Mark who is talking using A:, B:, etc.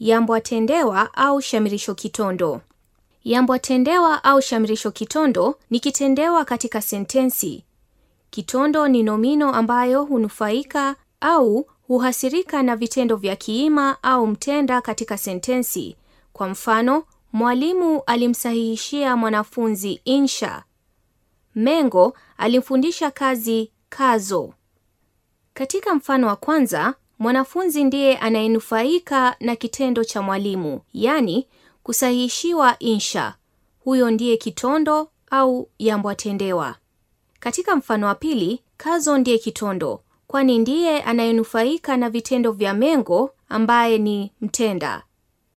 A: yambwatendewa au shamirisho kitondo. Yambwa tendewa au shamirisho kitondo ni kitendewa katika sentensi. Kitondo ni nomino ambayo hunufaika au huhasirika na vitendo vya kiima au mtenda katika sentensi. Kwa mfano, mwalimu alimsahihishia mwanafunzi insha. Mengo alimfundisha kazi kazo. Katika mfano wa kwanza, mwanafunzi ndiye anayenufaika na kitendo cha mwalimu, yani kusahihishiwa insha. Huyo ndiye kitondo au yambwatendewa Katika mfano wa pili, Kazo ndiye kitondo, kwani ndiye anayenufaika na vitendo vya Mengo ambaye ni
B: mtenda.